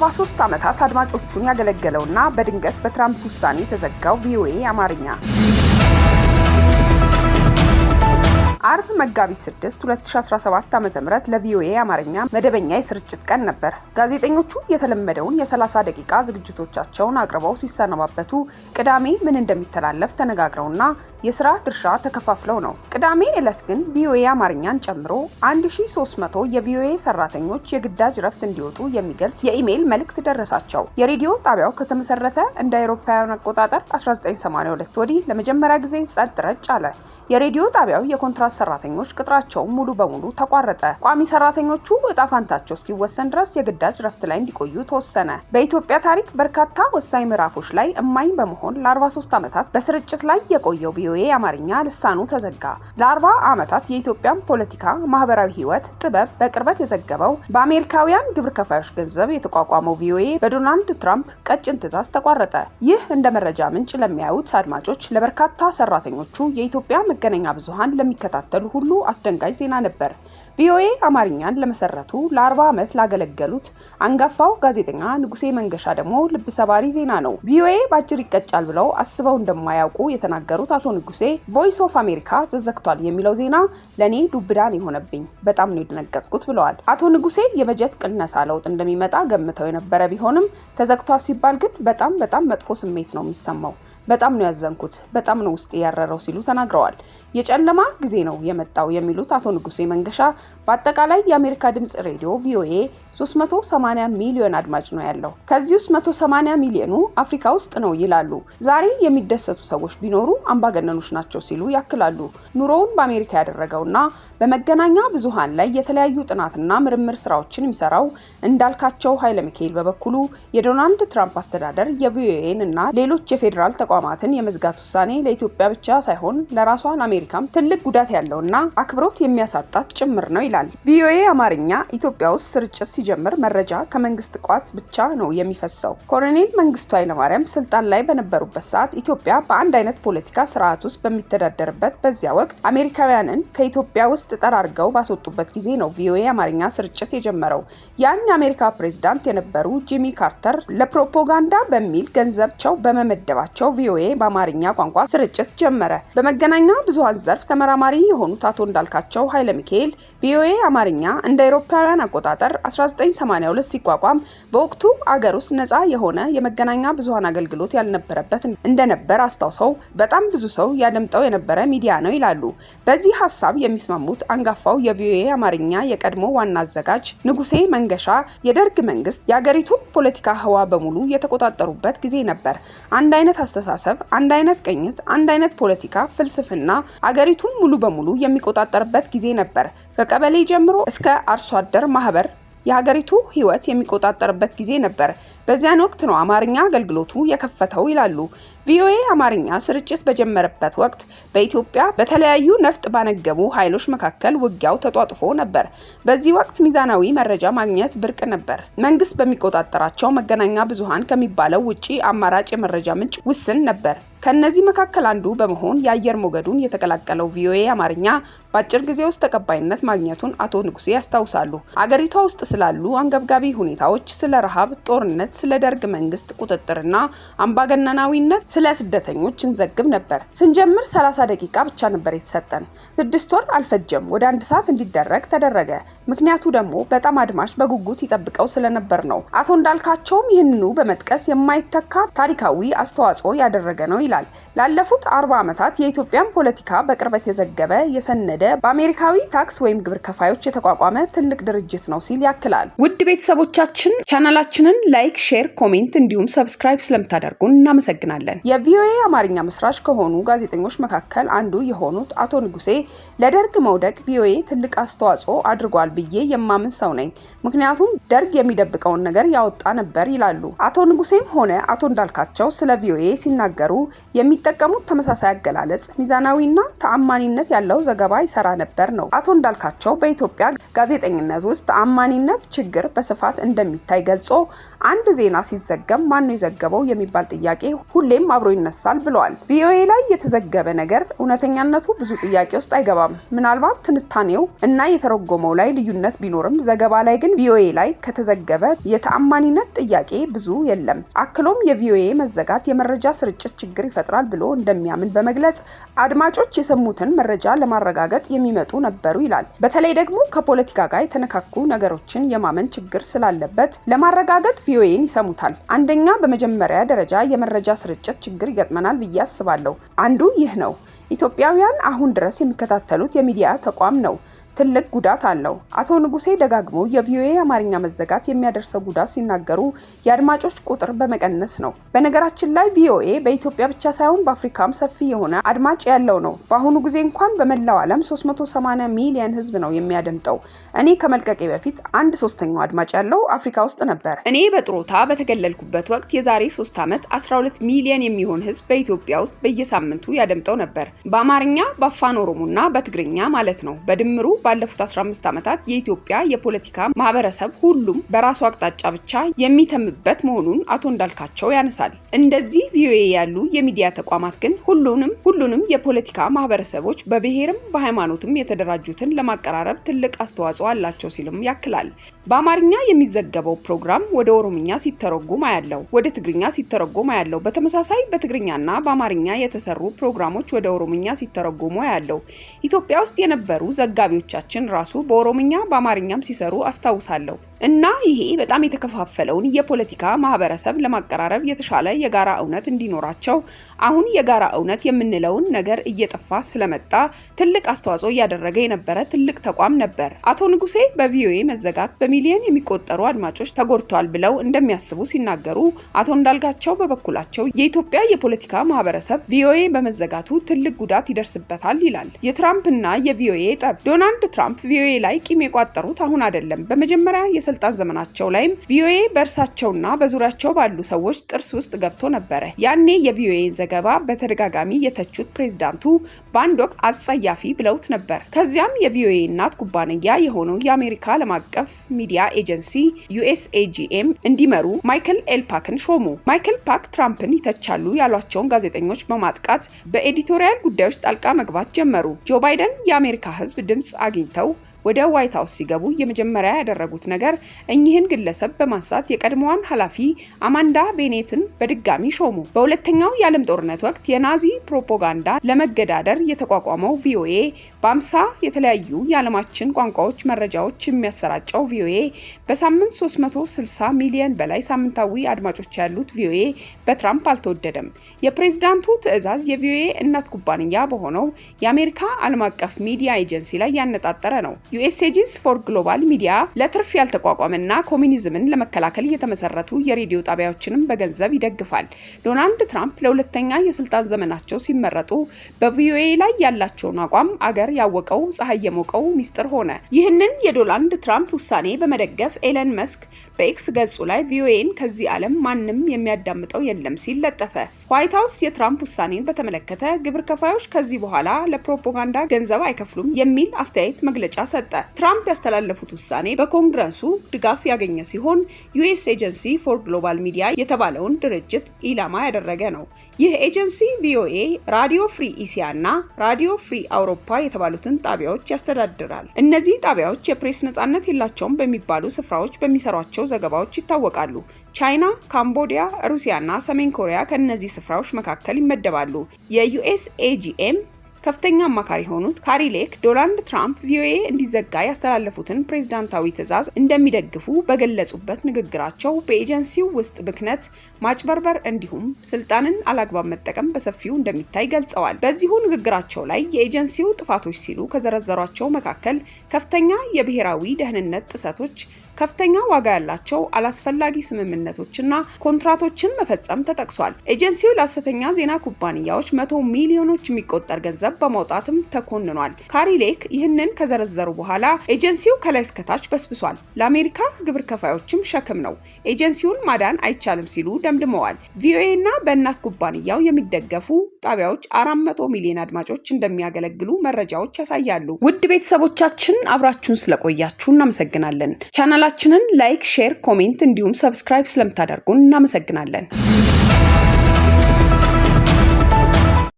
ለ43 ዓመታት አድማጮቹን ያገለገለውና በድንገት በትራምፕ ውሳኔ የተዘጋው ቪኦኤ አማርኛ አርብ መጋቢት 6 2017 ዓ ም ለቪኦኤ አማርኛ መደበኛ የስርጭት ቀን ነበር። ጋዜጠኞቹ የተለመደውን የ30 ደቂቃ ዝግጅቶቻቸውን አቅርበው ሲሰነባበቱ ቅዳሜ ምን እንደሚተላለፍ ተነጋግረውና የስራ ድርሻ ተከፋፍለው ነው። ቅዳሜ ዕለት ግን ቪኦኤ አማርኛን ጨምሮ 1300 የቪኦኤ ሰራተኞች የግዳጅ ረፍት እንዲወጡ የሚገልጽ የኢሜይል መልእክት ደረሳቸው። የሬዲዮ ጣቢያው ከተመሰረተ እንደ አውሮፓውያን አቆጣጠር 1982 ወዲህ ለመጀመሪያ ጊዜ ጸጥ ረጭ አለ። የሬዲዮ ጣቢያው የኮንትራ የመብራት ሰራተኞች ቅጥራቸው ሙሉ በሙሉ ተቋረጠ። ቋሚ ሰራተኞቹ እጣ ፈንታቸው እስኪወሰን ድረስ የግዳጅ ረፍት ላይ እንዲቆዩ ተወሰነ። በኢትዮጵያ ታሪክ በርካታ ወሳኝ ምዕራፎች ላይ እማኝ በመሆን ለ43 ዓመታት በስርጭት ላይ የቆየው ቪኦኤ አማርኛ ልሳኑ ተዘጋ። ለ40 ዓመታት የኢትዮጵያን ፖለቲካ፣ ማህበራዊ ህይወት፣ ጥበብ በቅርበት የዘገበው በአሜሪካውያን ግብር ከፋዮች ገንዘብ የተቋቋመው ቪኦኤ በዶናልድ ትራምፕ ቀጭን ትዕዛዝ ተቋረጠ። ይህ እንደ መረጃ ምንጭ ለሚያዩት አድማጮች፣ ለበርካታ ሰራተኞቹ፣ የኢትዮጵያ መገናኛ ብዙሀን ለሚከታ ለሚከታተሉ ሁሉ አስደንጋጭ ዜና ነበር። ቪኦኤ አማርኛን ለመሰረቱ ለ40 ዓመት ላገለገሉት አንጋፋው ጋዜጠኛ ንጉሴ መንገሻ ደግሞ ልብ ሰባሪ ዜና ነው። ቪኦኤ በአጭር ይቀጫል ብለው አስበው እንደማያውቁ የተናገሩት አቶ ንጉሴ ቮይስ ኦፍ አሜሪካ ተዘግቷል የሚለው ዜና ለእኔ ዱብዳን የሆነብኝ በጣም ነው የደነገጥኩት ብለዋል። አቶ ንጉሴ የበጀት ቅነሳ ለውጥ እንደሚመጣ ገምተው የነበረ ቢሆንም ተዘግቷል ሲባል ግን በጣም በጣም መጥፎ ስሜት ነው የሚሰማው በጣም ነው ያዘንኩት፣ በጣም ነው ውስጥ ያረረው ሲሉ ተናግረዋል። የጨለማ ጊዜ ነው የመጣው የሚሉት አቶ ንጉሴ መንገሻ በአጠቃላይ የአሜሪካ ድምፅ ሬዲዮ ቪኦኤ 380 ሚሊዮን አድማጭ ነው ያለው። ከዚህ ውስጥ 180 ሚሊዮኑ አፍሪካ ውስጥ ነው ይላሉ። ዛሬ የሚደሰቱ ሰዎች ቢኖሩ አምባገነኖች ናቸው ሲሉ ያክላሉ። ኑሮውን በአሜሪካ ያደረገውና በመገናኛ ብዙሃን ላይ የተለያዩ ጥናትና ምርምር ስራዎችን የሚሰራው እንዳልካቸው ኃይለ ሚካኤል በበኩሉ የዶናልድ ትራምፕ አስተዳደር የቪኦኤን እና ሌሎች የፌዴራል ተቋ ተቋማትን የመዝጋት ውሳኔ ለኢትዮጵያ ብቻ ሳይሆን ለራሷን አሜሪካም ትልቅ ጉዳት ያለውና አክብሮት የሚያሳጣት ጭምር ነው ይላል ቪኦኤ አማርኛ። ኢትዮጵያ ውስጥ ስርጭት ሲጀምር መረጃ ከመንግስት ቋት ብቻ ነው የሚፈሰው። ኮሎኔል መንግስቱ ኃይለማርያም ስልጣን ላይ በነበሩበት ሰዓት ኢትዮጵያ በአንድ አይነት ፖለቲካ ስርዓት ውስጥ በሚተዳደርበት በዚያ ወቅት አሜሪካውያንን ከኢትዮጵያ ውስጥ ጠራርገው ባስወጡበት ጊዜ ነው ቪኦኤ አማርኛ ስርጭት የጀመረው። ያን የአሜሪካ ፕሬዝዳንት የነበሩ ጂሚ ካርተር ለፕሮፓጋንዳ በሚል ገንዘባቸው በመመደባቸው ቪኦኤ ቪኦኤ በአማርኛ ቋንቋ ስርጭት ጀመረ። በመገናኛ ብዙሃን ዘርፍ ተመራማሪ የሆኑት አቶ እንዳልካቸው ኃይለ ሚካኤል ቪኦኤ አማርኛ እንደ አውሮፓውያን አቆጣጠር 1982 ሲቋቋም በወቅቱ አገር ውስጥ ነጻ የሆነ የመገናኛ ብዙሃን አገልግሎት ያልነበረበት እንደነበር አስታውሰው በጣም ብዙ ሰው ያደምጠው የነበረ ሚዲያ ነው ይላሉ። በዚህ ሀሳብ የሚስማሙት አንጋፋው የቪኦኤ አማርኛ የቀድሞ ዋና አዘጋጅ ንጉሴ መንገሻ የደርግ መንግስት የአገሪቱን ፖለቲካ ህዋ በሙሉ የተቆጣጠሩበት ጊዜ ነበር። አንድ አይነት አስተሳሰብ አስተሳሰብ፣ አንድ አይነት ቅኝት፣ አንድ አይነት ፖለቲካ ፍልስፍና አገሪቱን ሙሉ በሙሉ የሚቆጣጠርበት ጊዜ ነበር። ከቀበሌ ጀምሮ እስከ አርሶ አደር ማህበር የሀገሪቱ ህይወት የሚቆጣጠርበት ጊዜ ነበር። በዚያን ወቅት ነው አማርኛ አገልግሎቱ የከፈተው ይላሉ። ቪኦኤ አማርኛ ስርጭት በጀመረበት ወቅት በኢትዮጵያ በተለያዩ ነፍጥ ባነገቡ ኃይሎች መካከል ውጊያው ተጧጥፎ ነበር። በዚህ ወቅት ሚዛናዊ መረጃ ማግኘት ብርቅ ነበር። መንግስት በሚቆጣጠራቸው መገናኛ ብዙሃን ከሚባለው ውጪ አማራጭ የመረጃ ምንጭ ውስን ነበር። ከእነዚህ መካከል አንዱ በመሆን የአየር ሞገዱን የተቀላቀለው ቪኦኤ አማርኛ በአጭር ጊዜ ውስጥ ተቀባይነት ማግኘቱን አቶ ንጉሴ ያስታውሳሉ። አገሪቷ ውስጥ ስላሉ አንገብጋቢ ሁኔታዎች፣ ስለ ረሃብ፣ ጦርነት፣ ስለ ደርግ መንግስት ቁጥጥርና አምባገነናዊነት፣ ስለ ስደተኞች እንዘግብ ነበር። ስንጀምር 30 ደቂቃ ብቻ ነበር የተሰጠን። ስድስት ወር አልፈጀም፣ ወደ አንድ ሰዓት እንዲደረግ ተደረገ። ምክንያቱ ደግሞ በጣም አድማሽ በጉጉት ይጠብቀው ስለነበር ነው። አቶ እንዳልካቸውም ይህንኑ በመጥቀስ የማይተካ ታሪካዊ አስተዋጽኦ ያደረገ ነው ይላል። ላለፉት አርባ ዓመታት የኢትዮጵያን ፖለቲካ በቅርበት የዘገበ የሰነደ በአሜሪካዊ ታክስ ወይም ግብር ከፋዮች የተቋቋመ ትልቅ ድርጅት ነው ሲል ያክላል። ውድ ቤተሰቦቻችን ቻናላችንን ላይክ፣ ሼር፣ ኮሜንት እንዲሁም ሰብስክራይብ ስለምታደርጉን እናመሰግናለን። የቪኦኤ አማርኛ መስራች ከሆኑ ጋዜጠኞች መካከል አንዱ የሆኑት አቶ ንጉሴ ለደርግ መውደቅ ቪኦኤ ትልቅ አስተዋጽኦ አድርጓል ብዬ የማምን ሰው ነኝ፣ ምክንያቱም ደርግ የሚደብቀውን ነገር ያወጣ ነበር ይላሉ። አቶ ንጉሴም ሆነ አቶ እንዳልካቸው ስለ ቪኦኤ ሲናገሩ የሚጠቀሙት ተመሳሳይ አገላለጽ ሚዛናዊና ተአማኒነት ያለው ዘገባ ይሰራ ነበር ነው። አቶ እንዳልካቸው በኢትዮጵያ ጋዜጠኝነት ውስጥ ተአማኒነት ችግር በስፋት እንደሚታይ ገልጾ አንድ ዜና ሲዘገብ ማነው የዘገበው የሚባል ጥያቄ ሁሌም አብሮ ይነሳል ብለዋል። ቪኦኤ ላይ የተዘገበ ነገር እውነተኛነቱ ብዙ ጥያቄ ውስጥ አይገባም። ምናልባት ትንታኔው እና የተረጎመው ላይ ልዩነት ቢኖርም ዘገባ ላይ ግን ቪኦኤ ላይ ከተዘገበ የተአማኒነት ጥያቄ ብዙ የለም። አክሎም የቪኦኤ መዘጋት የመረጃ ስርጭት ችግር ይፈጥራል ብሎ እንደሚያምን በመግለጽ አድማጮች የሰሙትን መረጃ ለማረጋገጥ የሚመጡ ነበሩ ይላል። በተለይ ደግሞ ከፖለቲካ ጋር የተነካኩ ነገሮችን የማመን ችግር ስላለበት ለማረጋገጥ ቪኦኤን ይሰሙታል። አንደኛ በመጀመሪያ ደረጃ የመረጃ ስርጭት ችግር ይገጥመናል ብዬ አስባለሁ። አንዱ ይህ ነው። ኢትዮጵያውያን አሁን ድረስ የሚከታተሉት የሚዲያ ተቋም ነው። ትልቅ ጉዳት አለው። አቶ ንጉሴ ደጋግመው የቪኦኤ አማርኛ መዘጋት የሚያደርሰው ጉዳት ሲናገሩ የአድማጮች ቁጥር በመቀነስ ነው። በነገራችን ላይ ቪኦኤ በኢትዮጵያ ብቻ ሳይሆን በአፍሪካም ሰፊ የሆነ አድማጭ ያለው ነው። በአሁኑ ጊዜ እንኳን በመላው ዓለም 380 ሚሊየን ህዝብ ነው የሚያደምጠው። እኔ ከመልቀቄ በፊት አንድ ሶስተኛው አድማጭ ያለው አፍሪካ ውስጥ ነበር። እኔ በጥሮታ በተገለልኩበት ወቅት የዛሬ ሶስት ዓመት 12 ሚሊየን የሚሆን ህዝብ በኢትዮጵያ ውስጥ በየሳምንቱ ያደምጠው ነበር። በአማርኛ፣ በአፋን ኦሮሞና በትግርኛ ማለት ነው። በድምሩ ባለፉት 15 ዓመታት የኢትዮጵያ የፖለቲካ ማህበረሰብ ሁሉም በራሱ አቅጣጫ ብቻ የሚተምበት መሆኑን አቶ እንዳልካቸው ያነሳል። እንደዚህ ቪኦኤ ያሉ የሚዲያ ተቋማት ግን ሁሉንም ሁሉንም የፖለቲካ ማህበረሰቦች በብሔርም በሃይማኖትም የተደራጁትን ለማቀራረብ ትልቅ አስተዋጽኦ አላቸው ሲልም ያክላል። በአማርኛ የሚዘገበው ፕሮግራም ወደ ኦሮምኛ ሲተረጎም አያለው፣ ወደ ትግርኛ ሲተረጎም አያለው። በተመሳሳይ በትግርኛና በአማርኛ የተሰሩ ፕሮግራሞች ወደ ኦሮምኛ ሲተረጎሙ አያለው። ኢትዮጵያ ውስጥ የነበሩ ዘጋቢዎች ባልደረቦቻችን ራሱ በኦሮምኛ በአማርኛም ሲሰሩ አስታውሳለሁ። እና ይሄ በጣም የተከፋፈለውን የፖለቲካ ማህበረሰብ ለማቀራረብ የተሻለ የጋራ እውነት እንዲኖራቸው አሁን የጋራ እውነት የምንለውን ነገር እየጠፋ ስለመጣ ትልቅ አስተዋጽኦ እያደረገ የነበረ ትልቅ ተቋም ነበር። አቶ ንጉሴ በቪኦኤ መዘጋት በሚሊዮን የሚቆጠሩ አድማጮች ተጎድተዋል ብለው እንደሚያስቡ ሲናገሩ፣ አቶ እንዳልጋቸው በበኩላቸው የኢትዮጵያ የፖለቲካ ማህበረሰብ ቪኦኤ በመዘጋቱ ትልቅ ጉዳት ይደርስበታል ይላል። የትራምፕና የቪኦኤ ጠብ ዶናልድ ትራምፕ ቪኦኤ ላይ ቂም የቋጠሩት አሁን አይደለም በመጀመሪያ በስልጣን ዘመናቸው ላይም ቪኦኤ በእርሳቸውና በዙሪያቸው ባሉ ሰዎች ጥርስ ውስጥ ገብቶ ነበረ። ያኔ የቪኦኤን ዘገባ በተደጋጋሚ የተቹት ፕሬዝዳንቱ በአንድ ወቅት አጸያፊ ብለውት ነበር። ከዚያም የቪኦኤ እናት ኩባንያ የሆነው የአሜሪካ ዓለም አቀፍ ሚዲያ ኤጀንሲ ዩኤስኤጂኤም እንዲመሩ ማይክል ኤልፓክን ሾሙ። ማይክል ፓክ ትራምፕን ይተቻሉ ያሏቸውን ጋዜጠኞች በማጥቃት በኤዲቶሪያል ጉዳዮች ጣልቃ መግባት ጀመሩ። ጆ ባይደን የአሜሪካ ሕዝብ ድምፅ አግኝተው ወደ ዋይት ሀውስ ሲገቡ የመጀመሪያ ያደረጉት ነገር እኚህን ግለሰብ በማንሳት የቀድሞዋን ኃላፊ አማንዳ ቤኔትን በድጋሚ ሾሙ። በሁለተኛው የዓለም ጦርነት ወቅት የናዚ ፕሮፓጋንዳ ለመገዳደር የተቋቋመው ቪኦኤ በአምሳ የተለያዩ የዓለማችን ቋንቋዎች መረጃዎች የሚያሰራጨው ቪኦኤ በሳምንት 360 ሚሊዮን በላይ ሳምንታዊ አድማጮች ያሉት ቪኦኤ በትራምፕ አልተወደደም። የፕሬዝዳንቱ ትዕዛዝ የቪኦኤ እናት ኩባንያ በሆነው የአሜሪካ ዓለም አቀፍ ሚዲያ ኤጀንሲ ላይ ያነጣጠረ ነው። ዩኤስ ኤጀንሲ ፎር ግሎባል ሚዲያ ለትርፍ ያልተቋቋመና ኮሚኒዝምን ለመከላከል የተመሰረቱ የሬዲዮ ጣቢያዎችንም በገንዘብ ይደግፋል። ዶናልድ ትራምፕ ለሁለተኛ የስልጣን ዘመናቸው ሲመረጡ በቪኦኤ ላይ ያላቸውን አቋም አገር ያወቀው ፀሐይ የሞቀው ሚስጥር ሆነ። ይህንን የዶናልድ ትራምፕ ውሳኔ በመደገፍ ኤለን መስክ በኤክስ ገጹ ላይ ቪኦኤን ከዚህ ዓለም ማንም የሚያዳምጠው የለም ሲል ለጠፈ። ዋይት ሀውስ የትራምፕ ውሳኔን በተመለከተ ግብር ከፋዮች ከዚህ በኋላ ለፕሮፓጋንዳ ገንዘብ አይከፍሉም የሚል አስተያየት መግለጫ ሰ ሰጠ። ትራምፕ ያስተላለፉት ውሳኔ በኮንግረሱ ድጋፍ ያገኘ ሲሆን ዩኤስ ኤጀንሲ ፎር ግሎባል ሚዲያ የተባለውን ድርጅት ኢላማ ያደረገ ነው። ይህ ኤጀንሲ ቪኦኤ፣ ራዲዮ ፍሪ ኢሲያ እና ራዲዮ ፍሪ አውሮፓ የተባሉትን ጣቢያዎች ያስተዳድራል። እነዚህ ጣቢያዎች የፕሬስ ነጻነት የላቸውም በሚባሉ ስፍራዎች በሚሰሯቸው ዘገባዎች ይታወቃሉ። ቻይና፣ ካምቦዲያ፣ ሩሲያ እና ሰሜን ኮሪያ ከእነዚህ ስፍራዎች መካከል ይመደባሉ። የዩኤስ ኤጂኤም ከፍተኛ አማካሪ የሆኑት ካሪ ሌክ ዶናልድ ትራምፕ ቪኦኤ እንዲዘጋ ያስተላለፉትን ፕሬዝዳንታዊ ትዕዛዝ እንደሚደግፉ በገለጹበት ንግግራቸው በኤጀንሲው ውስጥ ብክነት፣ ማጭበርበር እንዲሁም ስልጣንን አላግባብ መጠቀም በሰፊው እንደሚታይ ገልጸዋል። በዚሁ ንግግራቸው ላይ የኤጀንሲው ጥፋቶች ሲሉ ከዘረዘሯቸው መካከል ከፍተኛ የብሔራዊ ደህንነት ጥሰቶች ከፍተኛ ዋጋ ያላቸው አላስፈላጊ ስምምነቶችና ኮንትራቶችን መፈጸም ተጠቅሷል። ኤጀንሲው ለሐሰተኛ ዜና ኩባንያዎች መቶ ሚሊዮኖች የሚቆጠር ገንዘብ በማውጣትም ተኮንኗል። ካሪ ሌክ ይህንን ከዘረዘሩ በኋላ ኤጀንሲው ከላይ እስከታች በስብሷል፣ ለአሜሪካ ግብር ከፋዮችም ሸክም ነው፣ ኤጀንሲውን ማዳን አይቻልም ሲሉ ደምድመዋል። ቪኦኤ እና በእናት ኩባንያው የሚደገፉ ጣቢያዎች 400 ሚሊዮን አድማጮች እንደሚያገለግሉ መረጃዎች ያሳያሉ። ውድ ቤተሰቦቻችን አብራችሁን ስለቆያችሁ እናመሰግናለን። ቻናላችንን ላይክ፣ ሼር፣ ኮሜንት እንዲሁም ሰብስክራይብ ስለምታደርጉን እናመሰግናለን።